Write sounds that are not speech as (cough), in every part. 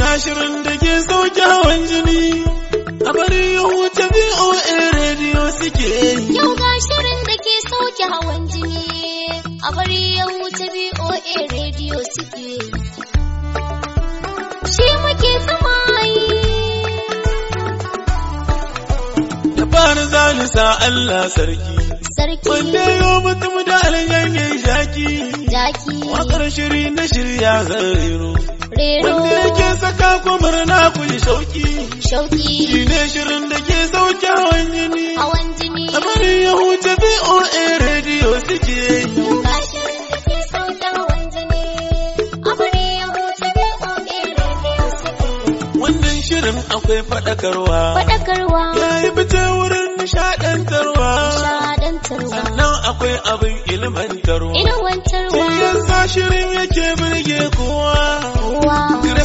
na da ke sauke hawan jini a bari ya huce VOA rediyo suke Yau ga shirin da ke sauke hawan jini a bari ya huce VOA rediyo suke Shi muke sama yi. Da bani sa Allah sarki. wanne Wanda yau mutum da alayyar mai shaki? Wakar shiri na shirya zan ɗero. Wanda ke saka ku murna ku yi shauki. Shauki. Shi ne shirin da ke sauke hawan jini. Hawan jini. Amari ya huce BOA radio suke. Wannan shirin akwai faɗakarwa. Faɗakarwa. Ya yi fice wurin nishaɗantarwa. Nishaɗantarwa. Sannan akwai abin ilimantarwa. ilimantarwa. Shi yasa shirin yake birge kowa.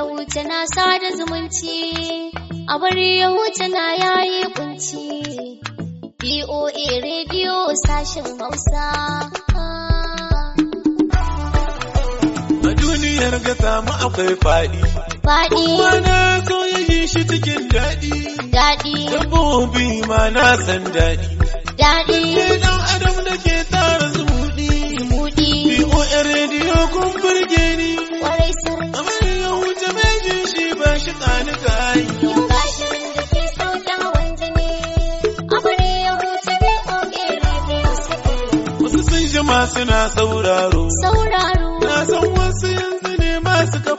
ya wuce na sada zumunci, a bari ya wuce na yayi kunci. BOA radio sashen Hausa. A duniyar ga samu akwai faɗi. Faɗi. mana so shi cikin daɗi. Daɗi. Dabbobi ma na san daɗi. Daɗi. Ke adam da ke tara zumuɗi. Zumuɗi. BOA radio kun burge ni. Kwarai suna sauraro. Sauraro. Na san wasu yanzu ne masu ka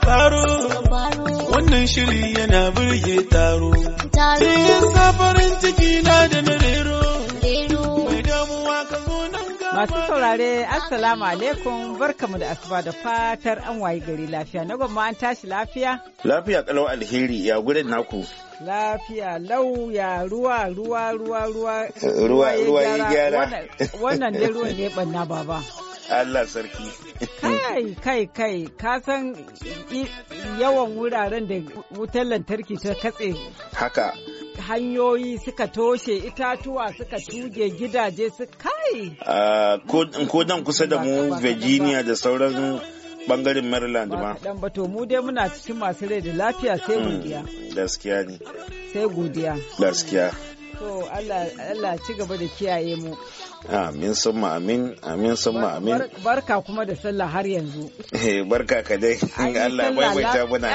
Wannan shiri yana birge taro. Taro. Sai ciki na da na rero. Masu saurare, Assalamu alaikum, barkamu da asuba da fatar an wayi gari lafiya. Na gwamma an tashi lafiya? Lafiya kalau alheri ya gudan naku. lafiya lauya ruwa ruwa ruwa ruwa (laughs) ruwa ruwa ya gyara wannan dai ruwan ne banna baba Allah sarki kai kai kai ka san yawan wuraren da wutar lantarki ta katse haka hanyoyi suka toshe itatuwa suka tuge gidaje su kai ah, ko dan kusa da mu Virginia da sauran bangaren maryland ba dan ba to mu dai muna cikin masu rai da lafiya sai hmm, godiya gaskiya ne sai godiya gaskiya to allah ci gaba da kiyaye mu amin summa amin amin summa amin barka kuma da sallah har yanzu eh barka ka dai allah bai bai ta muna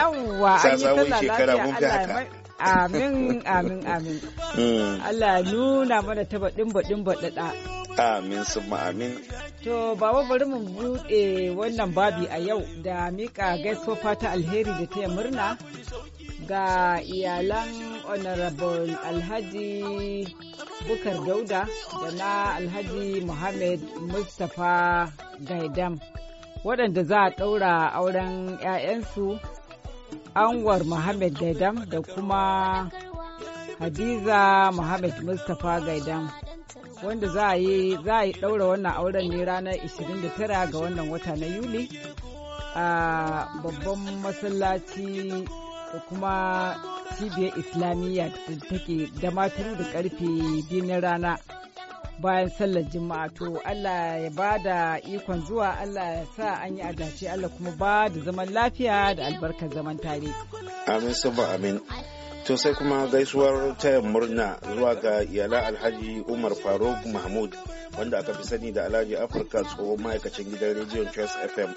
sasawun shekara mun fi haka amin amin amin hmm. Allah nuna mana ta baɗin baɗin dada Amin summa amin. To baba bari mu buɗe wannan babi a yau da mika gaisuwa fata alheri da taya murna ga iyalan honorable alhaji bukar dauda da na alhaji muhammad mustapha gaidam waɗanda za a ɗaura auren 'ya'yansu anwar muhammad gaidam da kuma hadiza muhammad mustapha gaidam wanda za a yi za ɗaura wannan auren ne ranar 29 ga wannan wata na Yuli a babban masallaci da kuma cibiyar islamiyya da take da maturu da karfe biyu na rana bayan sallar juma'a to Allah ya ba da ikon zuwa Allah ya sa an yi adace Allah kuma ba da zaman lafiya da albarkar zaman tare. Amin saba amin. to sai kuma gaisuwar taya murna zuwa ga iyalan alhaji umar faruk mahmud wanda aka fi sani da alhaji afirka tsohon ma'aikacin gidan rediyon choice fm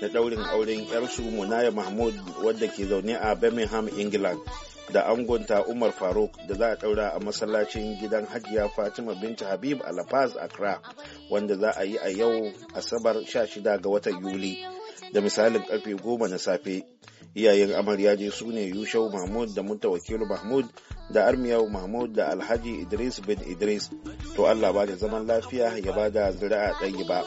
da daurin auren yarsu munaya mahmud wadda ke zaune a birmingham england da angonta umar faruk da za a daura a masallacin gidan hajiya fatima binta habib a lafaz accra wanda za a yi a yau asabar 16 ga watan yuli da misalin karfe 10 na safe iyayen amarya dai su ne yushau mahmud da wakilu mahmud da armiyau mahmud da alhaji idris bin idris to allah ba da zaman lafiya ya ba da zira'a a ba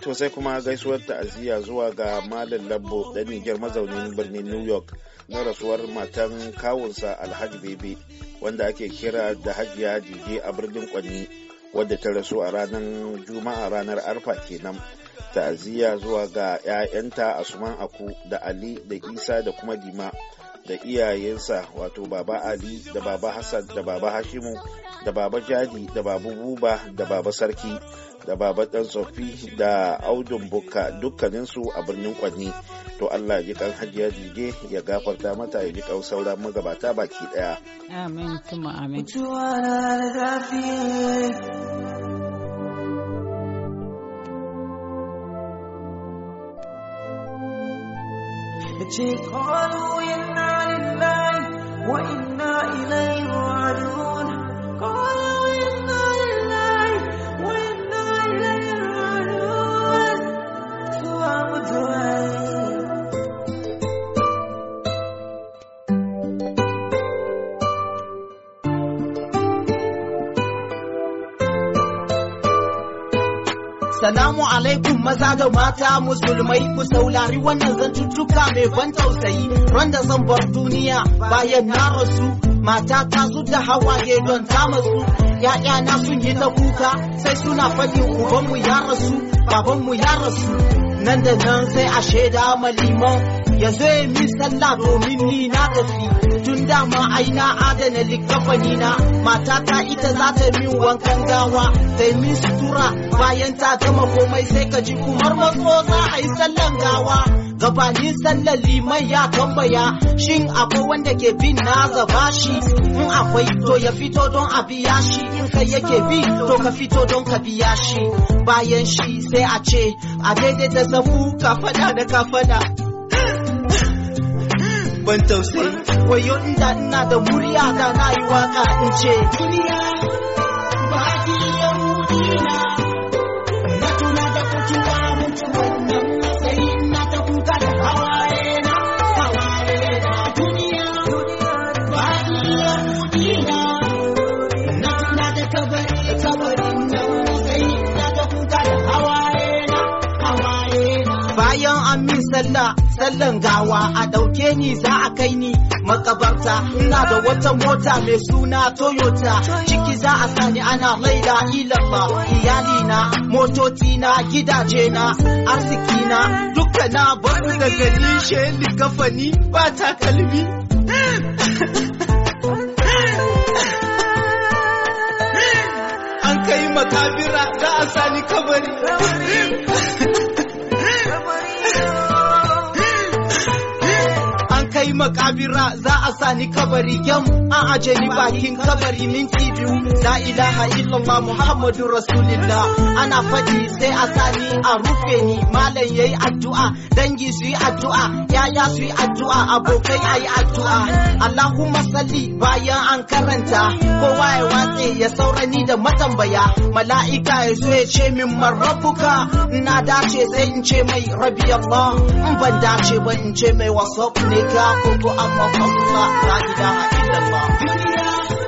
to sai kuma gaisuwar ta'aziyya zuwa ga malam labbo da niger mazaunin birnin new york na rasuwar matan kawunsa alhaji bebe wanda ake kira da hajiya jije a birnin kwanni wadda ta rasu a ranar juma'a ranar arfa kenan ta'aziyya zuwa ga 'ya'yanta Asuman Aku da Ali da Isa da kuma Dima da iyayensa wato Baba Ali da Baba Hassan da Baba Hashimu da Baba Jadi da Baba Buba da Baba Sarki da Baba Dan Sofi da Audun Bukka dukkaninsu a birnin Kwanni. To Allah ji kan hajiya jige ya gafarta mata ya ji kan sauran magabata baki daya. Amin kuma amin. كتشيك قالوا إنا لله وإنا إليه Salamu alaikum maza da mata musulmai ku saulari wannan zantuttuka mai ban tausayi Randa zan bar duniya bayan na rasu mata ta da hawaye don ta masu ‘ya'yana sun yi ta kuka sai suna faɗin ubanmu ya rasu babanmu ya rasu nan da nan sai a shaida maliman. ya zo ya min sallah domin ni na tafi dama ai adana likafani na matata ita za ta min wankan gawa sai min sutura bayan ta gama komai sai ka ji kumar matso za a yi sallan gawa gabanin sallar liman ya tambaya shin akwai wanda ke bin na gaba shi in akwai to ya fito don a biya shi in kai yake bi to ka fito don ka biya shi bayan shi sai a ce a daidai da zabu ka da ka ban tausayi wayo inda ina da murya da na yi waka in ce duniya zallan gawa a ɗauke ni za a kai ni makabarta ina da wata mota mai suna toyota ciki za a sani ana laila ilaba iyalina na gidajena na duka na bari da gani sheli kafani ba takalmi an kai makabira za a sani kabari makabira za a sani kabari yam an aje ni bakin kabari minti biyu la ilaha illallah muhammadu rasulillah ana faɗi sai a sani a rufe ni malam yayi addu'a dangi su yi addu'a yaya su yi addu'a abokai ayi addu'a allahumma salli bayan an karanta kowa ya watse ya saurani da matambaya mala'ika ya zo ya ce min marrabuka na dace sai in ce mai rabi Allah in ban dace ba in ce mai wasop ne ka Allahu Akbar Allah La ilaha illallah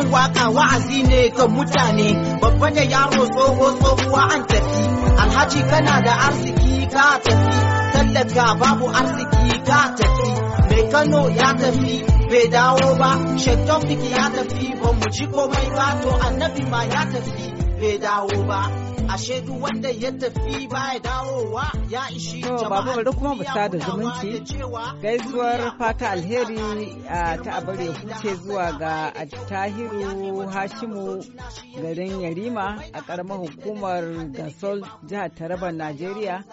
wannan waka wa'azi ne ga mutane babba da yaro tsoho tsohuwa an tafi alhaji kana da arziki ka tafi tallaka babu arziki ka tafi mai kano ya tafi bai dawo ba shaktofiki ya tafi ba mu ji komai ba to annabi ma ya tafi bai dawo ba ashe duk wanda ya tafi baya dawowa ya ishi jama'a babu bari kuma mu sada zumunci gaisuwar fata alheri ta abare huce zuwa ga tahiru hashimu garin yarima a karamar hukumar gasol jihar taraba najeriya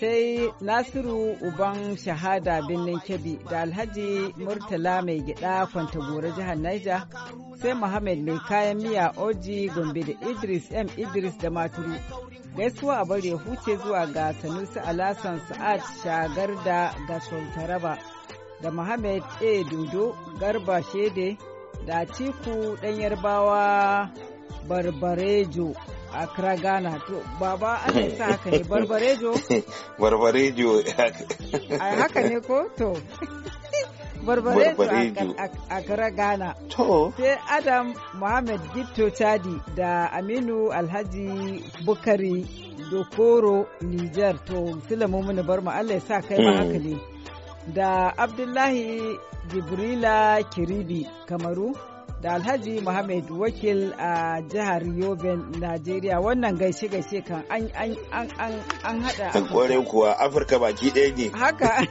sai nasiru uban shahada birnin kebbi da alhaji murtala mai gida kwantagora jihar niger sai muhammad mai kayan miya oji gombe da idris m idris da Baturu. Gaisuwa a bari ya huce zuwa ga Sanusi Alasan Sa'ad Shagar da Gasol Taraba da Muhammad A. Dodo Garba Shede da Ciku Danyar Bawa Barbarejo a Kragana. To, baba an sa haka ne Barbarejo? (laughs) Barbarejo. Ai haka ne ko? To. (laughs) barbarejo a kara ghana to sai adam muhammed gito chadi da aminu alhaji bukari dokoro niger to filamu mini bar ma allah ya sa kai ma mm. haka ne da abdullahi jibrila kiribi kamaru da Alhaji Muhammad Wakil a jihar yobin Najeriya. Wannan gaishe-gaishe kan an an an an hada. Kware kuwa Afirka baki ɗaya ne. Haka.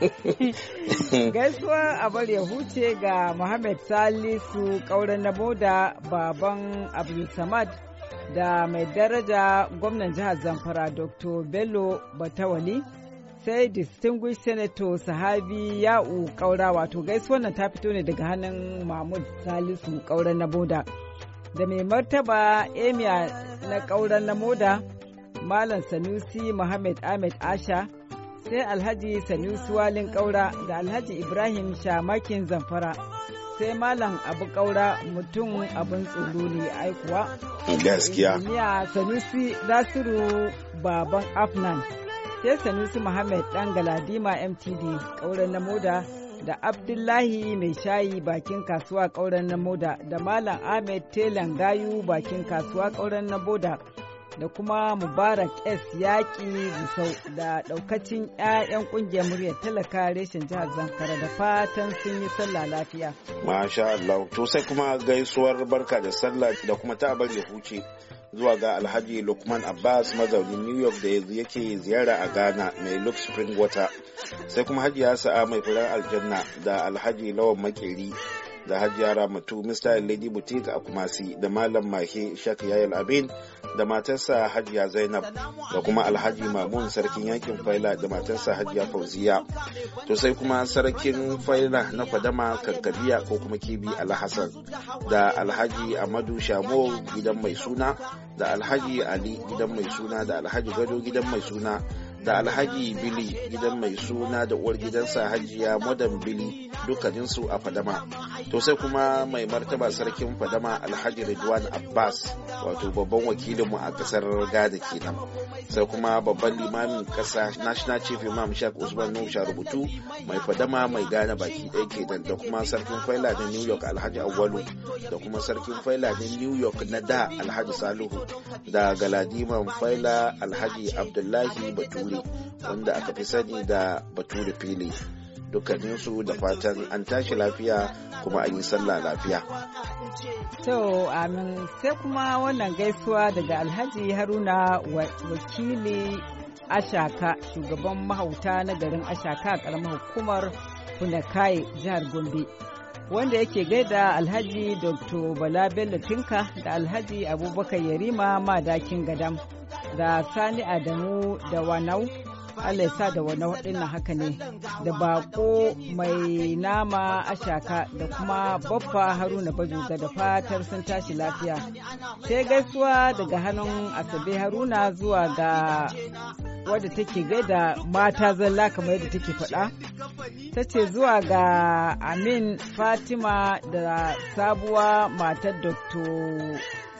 (laughs) Gaisuwa a bar ya huce ga Muhammad Salisu ƙauren na Boda baban Abdulsamad da mai daraja gwamnan jihar Zamfara Dr. Bello Batawali. sai distinguished senator sahabi ya'u kaura wato gaisuwar wannan ta fito ne daga hannun mahmud salisu kauran na boda da mai martaba emir na kauran na moda malam sanusi muhammad ahmed asha sai alhaji sanusi walin kaura da alhaji ibrahim shamakin zamfara sai malam abu kaura mutum abin tsoro ne aikuwa gaskiya sanusi nasiru baban afnan sai Sanusi Muhammad ɗan Galadima MTD kauren na moda da Abdullahi mai shayi bakin kasuwa ƙauren na moda da Malam Ahmed Telan Gayu bakin kasuwa kauren na boda da kuma Mubarak S yaƙi Gusau da ɗaukacin 'ya'yan ƙungiyar muryar talaka reshen jihar Zamfara da fatan sun yi sallah lafiya. Masha Allah, to sai kuma gaisuwar barka da sallah da kuma ta bari huce. zuwa ga alhaji lukman abbas mazaunin new york da yake ziyara a ghana mai luke spring water sai kuma hajiya sa'a mai furen aljanna da alhaji lawan makeri da hajiya ramatu mr lady boutique a kumasi da malam mahe shak yayal abin da matarsa hajiya zainab da kuma alhaji mamun sarkin yakin faila da matarsa hajjiya fauziya to sai kuma sarkin faila na kwadama kankabiya ko kuma kibi alhassan da alhaji amadu shamo gidan mai suna da alhaji ali gidan mai suna da alhaji gado gidan mai suna da alhaji bili gidan mai suna da uwar gidansa hajiya modern bili dukkaninsu a fadama to sai kuma mai martaba sarkin fadama alhaji ridwan abbas wato babban wakilinmu a kasar gada kenan sai kuma babban limamin kasa national chief imam shak usman nusha rubutu mai fadama mai gane baki ɗaya kenan da kuma sarkin faila na new york alhaji awwalu da kuma sarkin faila na new york na da alhaji salihu da galadiman faila alhaji abdullahi bature wanda aka fi sani da bature fili dukkaninsu da fatan an tashi lafiya kuma an yi sallah lafiya. To amin sai kuma wannan gaisuwa daga alhaji haruna wakili ashaka shugaban mahauta na garin ashaka a karamar hukumar funakai jihar gombe wanda yake gaida alhaji dr bala bello tinka da alhaji abubakar yarima madakin gadam da Sani Adamu da Wanau Allah sa da wani waɗannan haka ne da bako mai nama ashaka da kuma baffa haruna bajoga da fatar sun tashi lafiya sai gaisuwa daga hannun asabe haruna zuwa ga wadda take gaida mata zalla kamar yadda take faɗa ta ce zuwa ga amin fatima da sabuwa matar dr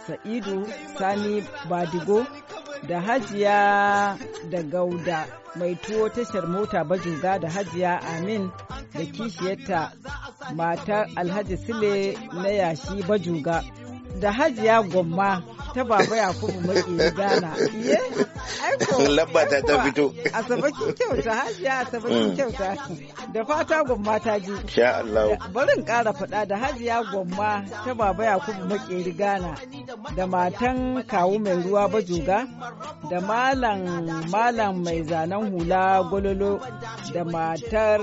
sa'idu sani badigo da hajiya da gauda mai tuwo tashar mota bajuga da hajiya amin da kishiyarta matar alhaji sile na yashi bajuga da hajiya gwamma ta baba ya kuma mai gana Iye, aiko labbata ta fito sabakin kyauta hajiya sabakin mm. kyauta da fata gwamma ta ji sha Allah barin ƙara faɗa da hajiya gwamma ta baba ya kuma mai gana da matan kawu mai ruwa bajuga da malam malam mai zanen hula gololo da matar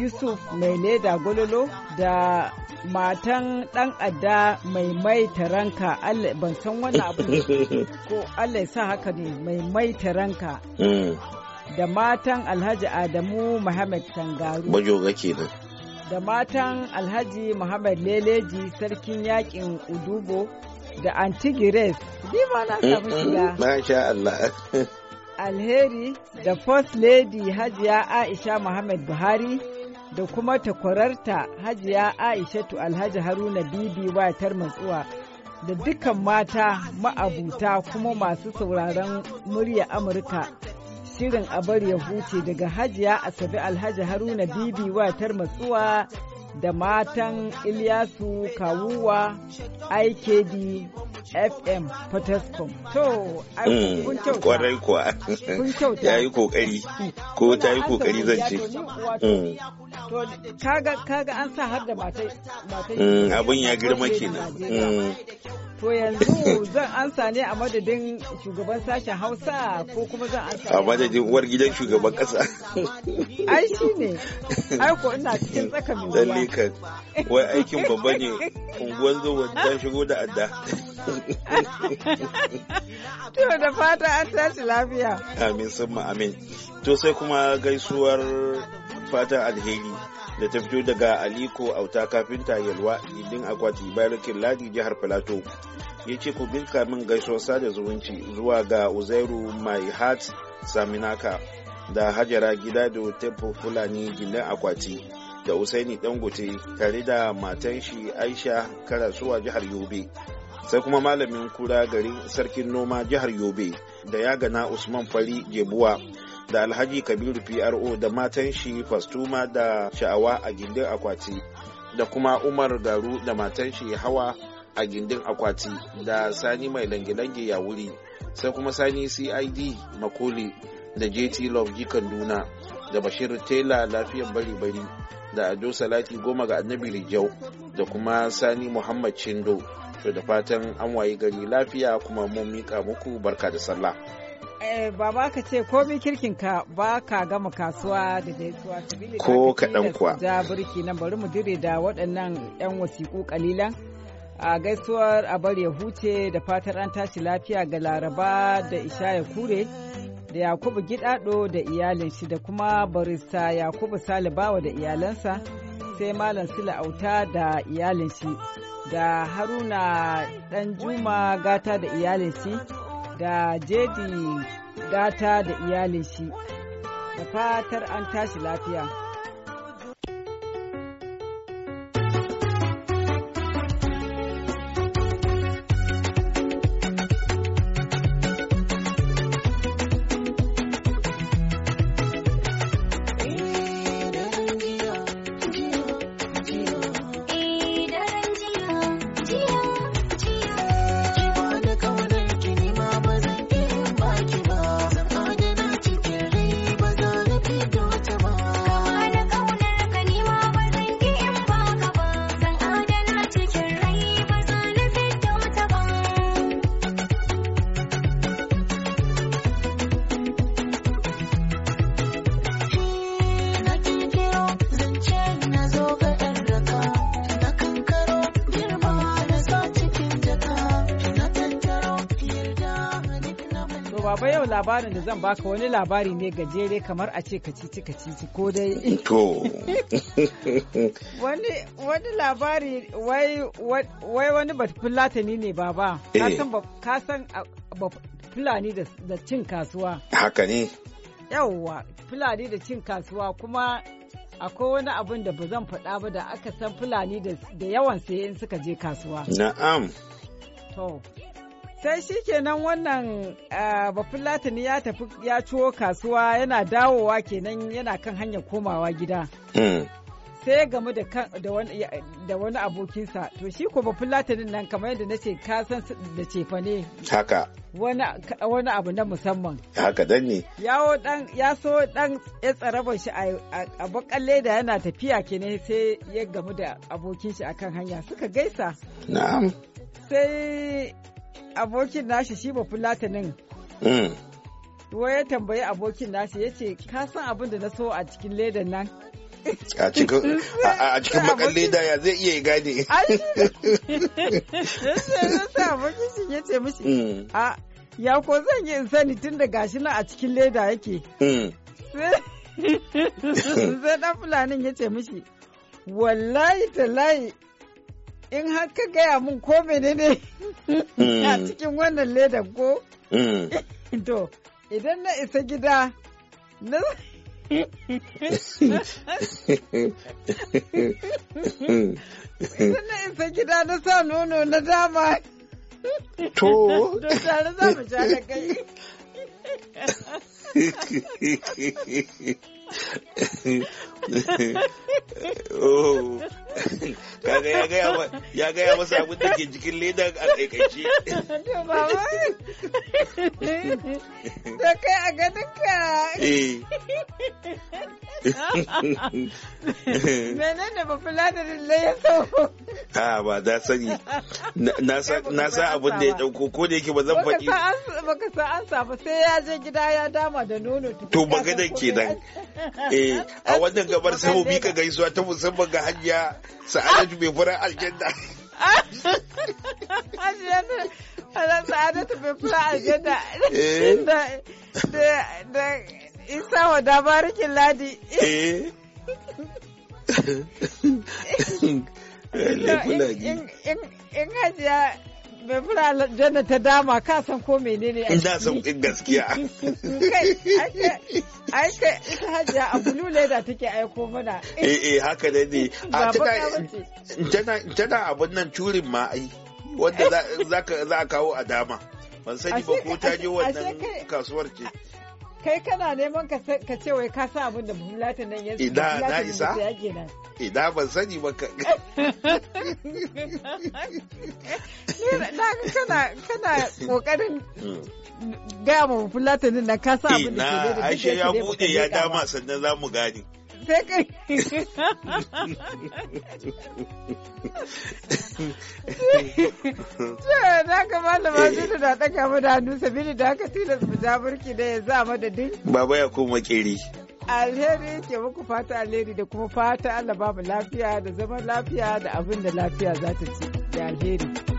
yusuf mai leda gololo da matan dan adda mai mai taranka san wani abu (laughs) ko Allah ya sa haka ne mai maita ranka hmm. da matan Alhaji Adamu Muhammad Tangaru bajoga kenan da matan Alhaji Muhammad Leleji sarkin yakin Udubo da Antigires ni ma na samu hmm, hmm, shiga masha Allah Alheri da First Lady Hajiya Aisha Muhammad Buhari da kuma takwararta Hajiya Aishatu Alhaji Haruna Bibi watar matsuwa da dukkan mata ma'abuta kuma masu sauraron murya Amurka. Shirin a bar ya huce daga hajiya Asabe Alhaji Haruna Bibi watar matsuwa da matan Ilyasu Kawuwa IKD FM Potescom. To, mm, kuwa. Ya yi kokari. Ko ta yi kokari zan kaga kaga an sa har da matai mm, Abin ya girma kenan. Mm. To yanzu zan ansa ne a madadin shugaban sashen Hausa ko kuma zan ansa. A madadin uwar gidan shugaban kasa. Ai shi ne. Ai ko ina cikin tsaka mai ruwa. Lalle wai aikin babba ne unguwan zuwa dan shigo da adda. (laughs) To da fata an tashi lafiya. Amin sun amin. To sai kuma gaisuwar fatan alheri da ta fito daga aliko auta kafinta yalwa gindin akwati barikin ladi jihar filato ya ce ku binka min gaisuwar sada zumunci zuwa ga uzairu mai hat saminaka da hajara gida da tefo fulani gindin akwati da usaini dangote tare da matan shi aisha karasuwa jihar yobe sai kuma malamin kura garin sarkin noma jihar yobe da ya gana usman fari jebuwa da alhaji kabiru pro da matan shi fastuma da sha'awa a gindin akwati da kuma umar garu da matan shi hawa a gindin akwati da sani mai langilangi ya wuri sai kuma sani cid makoli da jt love duna da bashir tela lafiyan bari-bari da ado salati goma ga annabi rijau da kuma sani muhammad chindo to da fatan an wayi gari lafiya kuma mun mika muku barka da sallah Eh, baba ka ce komi kirkin ka ba ka gama kasuwa da gaisuwa ko kaɗan kuwa ja burki nan bari mu dire da waɗannan 'yan wasiƙu kalilan a gaisuwar a bar ya huce da fatar an tashi lafiya ga laraba da ishaya kure da yakubu gidado da iyalin shi da kuma barista yakubu salibawa da iyalansa sai malam sila auta da iyalin shi da haruna dan juma gata da iyalin shi da jeji gata da iyalin shi da fatar an tashi lafiya. labarin da zan baka wani labari ne gajere kamar a ce kacici kacici ko dai. (laughs) To. wani labari wai wani fulatani ne baba. Ka eh. san fulani da cin kasuwa. Haka ne. Yawwa fulani da cin kasuwa kuma akwai wani abin da ba zan faɗa ba da aka san fulani da yawan saye in suka je kasuwa. Na'am. To, sai shi kenan wannan ah, latini ya tafi ya ciwo kasuwa yana dawowa kenan yana kan hanyar komawa gida hmm. sai ya gamu da wani abokinsa to shi ko latinin nan kamar yadda na ce kasan da cefa ne haka wani abu na musamman haka dan ne ya so dan ya tsarabar shi a bakan leda yana tafiya kenan sai ya gamu da abokin shi akan hanya suka gaisa na'am sai abokin nashi shi ba fulatinin. Tuwa hmm. ya tambayi abokin nashi ya ce, ka san abin da na so a cikin ledan nan? A cikin makan leda ya zai iya gane. Sai (laughs) abokin shi ya ce mishi, hmm. a ya ko zan yi in sani tun da gashi nan a cikin leda yake. Hmm. (laughs) Sai ɗan fulanin ya ce mishi, wallahi layi. in har ka gaya mun ko menene hmm. (laughs) a cikin wannan ledar ko hmm. (laughs) to idan na isa gida na idan na isa gida na sa nono na dama to Don (laughs) tare za mu sha da kai Oh. kaga ya gaya masa abin da ke jikin leda a kaikaice ba baba da kai a duka. Eh. mene ne ba fula da lai ya sau a ba da sani na sa abin da ya dauko ko da yake ba zan faɗi baka sa an sa ba sai ya je gida ya dama nama da nono to magana kenan (laughs) eh a wannan gabar sai mu ka gaisuwa ta musamman ga hanya sa'adatu mai furan aljanna Ana (laughs) sa'adatu bai fura aljanna eh. da isa wa dabarikin ladi. Eh. (laughs) In hajiya Mai fura aljanna ta dama ka san ko menene a Ina san gaskiya. (laughs) Ai kai ita hajiya a bulu leda take aiko mana. Eh eh haka da ne. Ah, tana abun nan curin ma ai. Wanda za a kawo a dama. Ban sani ba ko ta je wannan kasuwar ce. kai kana neman ka ce wai ka sa abin da bulatan nan ya na isa ida ban sani ba ka (laughs) kana kana kokarin mm. gaya ma bulatan nan ka sa abin da ke da ke da ya da ya dama sannan za mu gane. sai kai ka na kamata ma na ɗaga mu da hannu sabili da haka tilas mu ja burki da ya za din. baba ya koma kiri alheri ke muku fata alheri da kuma fata Allah babu lafiya da zaman lafiya da abin da lafiya za ta ci da alheri